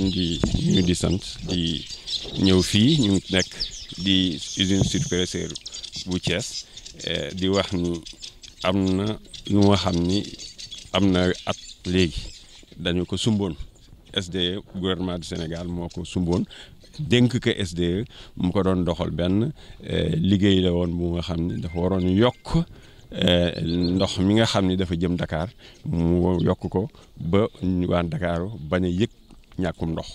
di ñu di sant di ñëw fii ñu ngi nekk di usine surpresseur bu Thiès eh, di wax ni am na lu nga xam ni am na at léegi dañu ko sumboon SDE gouvernement du Sénégal moo ko sumboon dénk ko SDE mu ko doon doxal benn eh, liggéey la woon bu nga xam ni dafa waroon yokk eh, ndox mi nga xam ni dafa jëm Dakar mu yokk ko ba waa Dakar bañ a yëg ñàkkum ndox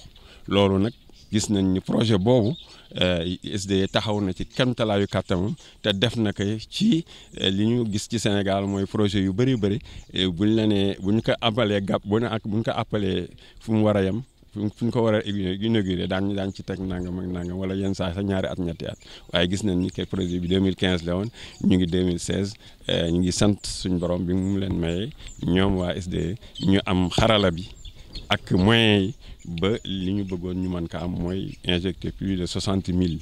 loolu nag gis nañ ni projet boobu eh, sd e taxaw na ci talaayu kàttamam te def na ko ci eh, li ñu gis ci Sénégal mooy projet yu bari bari eh, bu ñu la bu ñu ko abalee gàpp bu ne ak bu ñu ko appeler fu mu war a yem fu ñu ko war a inauguré daan daan ci teg nangam ak nangam wala yenn saa sa ñaari at ñetti at waaye gis nañ ni que projet bi 2015 la woon ñu ngi 2016 ñu ngi sant suñ boroom bi mu leen mayee ñoom waa sd e ñu am xarala bi. ak moyens ba li ñu bëggoon ñu mën ko am mooy injecter plus de soixante mille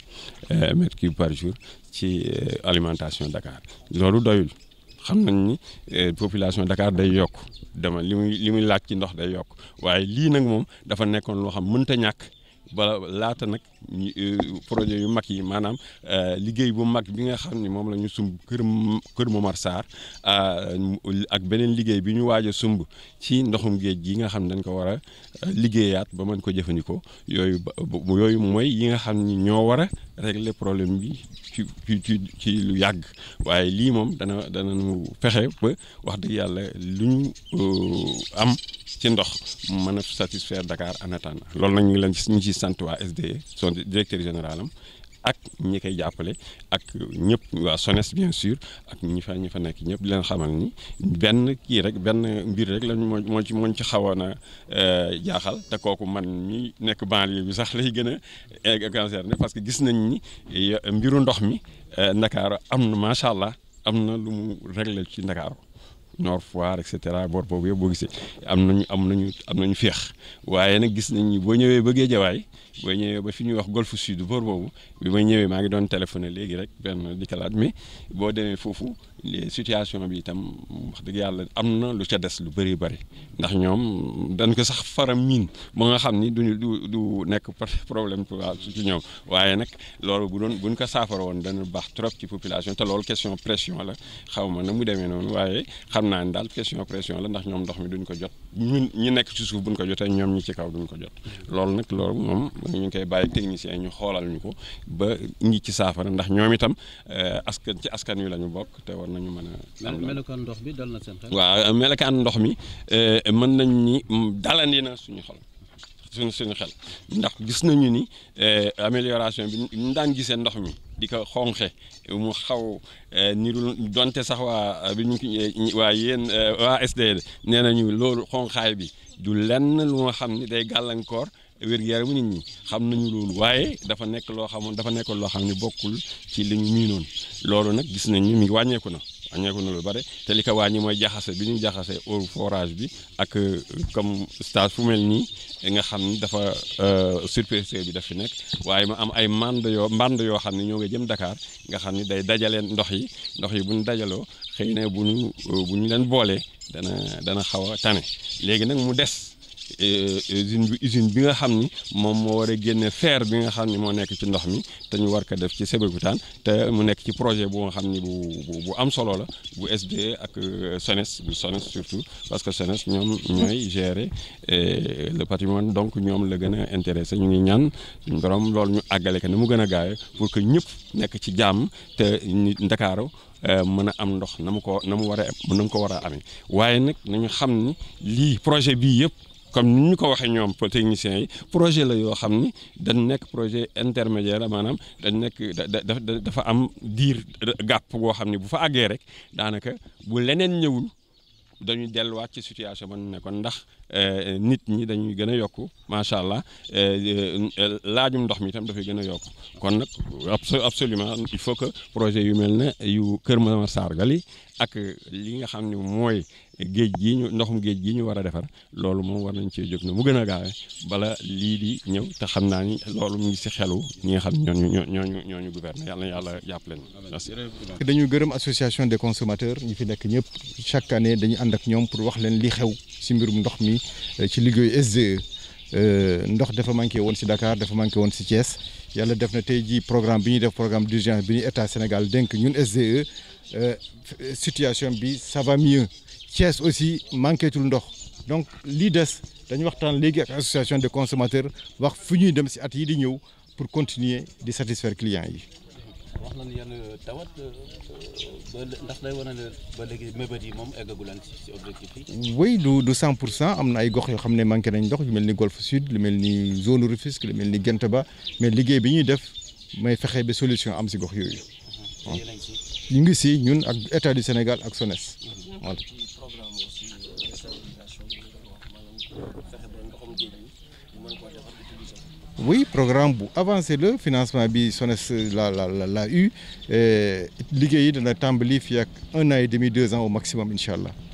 euh, mètres cubes par jour ci euh, alimentation Dakar loolu doyul xam nañ ni euh, population Dakar day yokk dema li muy li muy laaj ci ndox day yokk waaye lii nag moom dafa nekkoon loo xam mënta ñàkk bala laata nag. Euh, projet yu mag yi maanaam euh, liggéey bu mag bi nga xam ni moom lañu ñu sumb kër kër Momar Sarr euh, ak beneen liggéey bi ñu waaj a sumb ci ndoxum géej gi nga xam ne dañ ko war a liggéeyaat ba mën ko jëfandikoo yooyu yooyu mooy yi nga xam ni ñoo war a régler problème bi ci ci lu yàgg waaye lii moom dana dana nu fexe ba wax dëgg yàlla lu ñu am ci ndox mën a satisfaire Dakar en attendant loolu nag ñu ngi leen ñu ci sant waa SDE directeur général am ak ñi koy jàppale ak ñëpp waa SONES bien sûr ak ñi fa ñi fa nekk ñëpp di leen xamal ni benn kii rek benn mbir rek lañ moo ci mooñ ci xawoon a euh, jaaxal te kooku man mi nekk banlieue bi sax lay gën a euh, concerné parce que gis nañ ni mbiru ndox mi euh, Ndakaaru am na macha allah am na lu mu réglé ci Ndakaaru Nord Foire et cetera boor boobu yëpp boo gisee am na ñu am nañu am nañu féex waaye nag gis nañ boo ñëwee bëggee jawaay boo ñëwee ba fi ñuy wax Golf Sud boor boobu bi may ñëwee maa ngi doon téléphoné léegi rek benn di kalaat mi boo demee foofu situation bi itam wax dëgg yàlla am na lu ca des lu bëri bëri ndax ñoom dañ ko sax faram miin ba nga xam ni du du du nekk problème ci ñoom waaye nag loolu bu doon buñ ko saafara woon dana baax trop ci population te lool question pression la xaw ma na mu demee noonu waaye xam naa ne daal question pression la ndax ñoom ndox mi duñ ko jot ñu ñi nekk ci suuf buñ ko jotee ñoom ñi ci kaw duñ ko jot loolu nag loolu moom ñu ngi koy bàyyi technicien ñu xoolal ñu ko ba ngi ci saafara ndax ñoom itam euh, askan ci askan wi la ñu bokk war nañu mën a. melokaan ndox bi dal na seen xel. waaw melokaan ndox mi eh, mën nañ ni dalandi na suñu xol suñu suñu xel ndax gis nañu ni eh, amélioration bi ñu daan gisee ndox mi di ko xonqe mu xaw eh, nirul donte sax waa bi ñu waa yéen waa SDE nee nañu loolu xonqaay bi du lenn lu nga xam ni day gàllankoor. wér-gu-yaramu nit ñi xam nañu loolu waaye dafa nekk loo xamoon dafa nekkoon loo xam ne bokkul ci li ñu miinoon loolu nag gis nañ ni mi wàññeeku na wàññeeku na lu bare te li ko wàññi mooy jaxase bi ñu jaxase eau forage bi ak euh, comme stage fu mel nga xam ni dafa euh, superficie bi daf nekk waaye ma am ay mande yoo mband yoo xam ne ñoo nga jëm dakaar nga xam ni day dajale ndox yi ndox yi bu ñu dajaloo xëy na bu ñu euh, bu ñu leen boolee dana dana xaw a tane léegi nag mu des. Eh, usine bi usine bi nga xam ni moom moo war a génne fer bi nga xam ni moo nekk ci ndox mi te ñu war ko def ci Sébikotane te mu nekk ci projet boo nga xam ni bu bu am solo la bu SDE ak euh, SONES bu SONES surtout parce que SONES ñoom ñooy gérer eh, le patrimoine donc ñoom la gën a intéressé ñu ngi ñaan suñu borom loolu ñu àggale ko ni mu gën a gaawee pour que ñëpp nekk ci jàmm te nit Ndakaaru euh, mën a am ndox na mu ko na mu war a na ko war a amee waaye nag nañu xam ni lii projet bii yëpp. comme ni ñu ko waxee ñoom techniciens yi projet la yoo xam ni dañ nekk projet intermédiaire maanaam dañ nekk dafa am diir gàpp goo xam ni bu fa àggee rek daanaka bu leneen ñëwul dañuy delluwaat ci situation man nekkoon ndax Eh, nit ñi dañuy gën a yokk macha allah eh, eh, laajum ndox mi tam dafay gën a yokk kon nag absolument il faut que projet yu mel ne yu Kër Momar Sarr Gali ak li nga xam ne mooy géej gi ñu ndoxum géej gi ñu war a defar loolu moom war nañu cee jóg na mu gën a gaawe bala lii di ñëw te xam naa ni loolu mu ngi si xelu ñi nga xam ñooñu ñooñu ñooñu gouverner yàlla yàlla jàppale ñu dañu gërëm association de consommateurs ñu fi nekk ñëpp chaque année dañu ànd ak ñoom pour wax leen li xew ci mbirum ndox mi eh, ci liggéeyu SDE eh, ndox dafa manqué woon si Dakar dafa manqué woon si Thiès yàlla def na tey jii programme bi ñuy def programme d'urgence bi ñu état Sénégal dénk ñun SDE eh, situation bi ça va aussi manqué tul ndox donc lii des dañu waxtaan léegi ak association des consommateurs wax fu ñuy dem si at yi di ñëw pour continuer di satisfaire clients yi wax nañu yenn tawat euh, euh, ba ndax day wane ne ba léegi mébét yi moom eggagu leen ci objectif yi. oui du du 100 pour cent am na ay gox yoo xam ne manqué nañ ndox yu mel ni golfe sud lu mel ni zone Rufisque lu mel ni Gént Ba mais liggéey bi ñuy def may fexe bi solution am si gox yooyu. ñu ngi si ñun ak état du Sénégal ak SONES. oui programme bu avancé la financement bi SONES la la la la eu liggéey dana tàmbali fii ak un a et demi deux ans au maximum incha allah.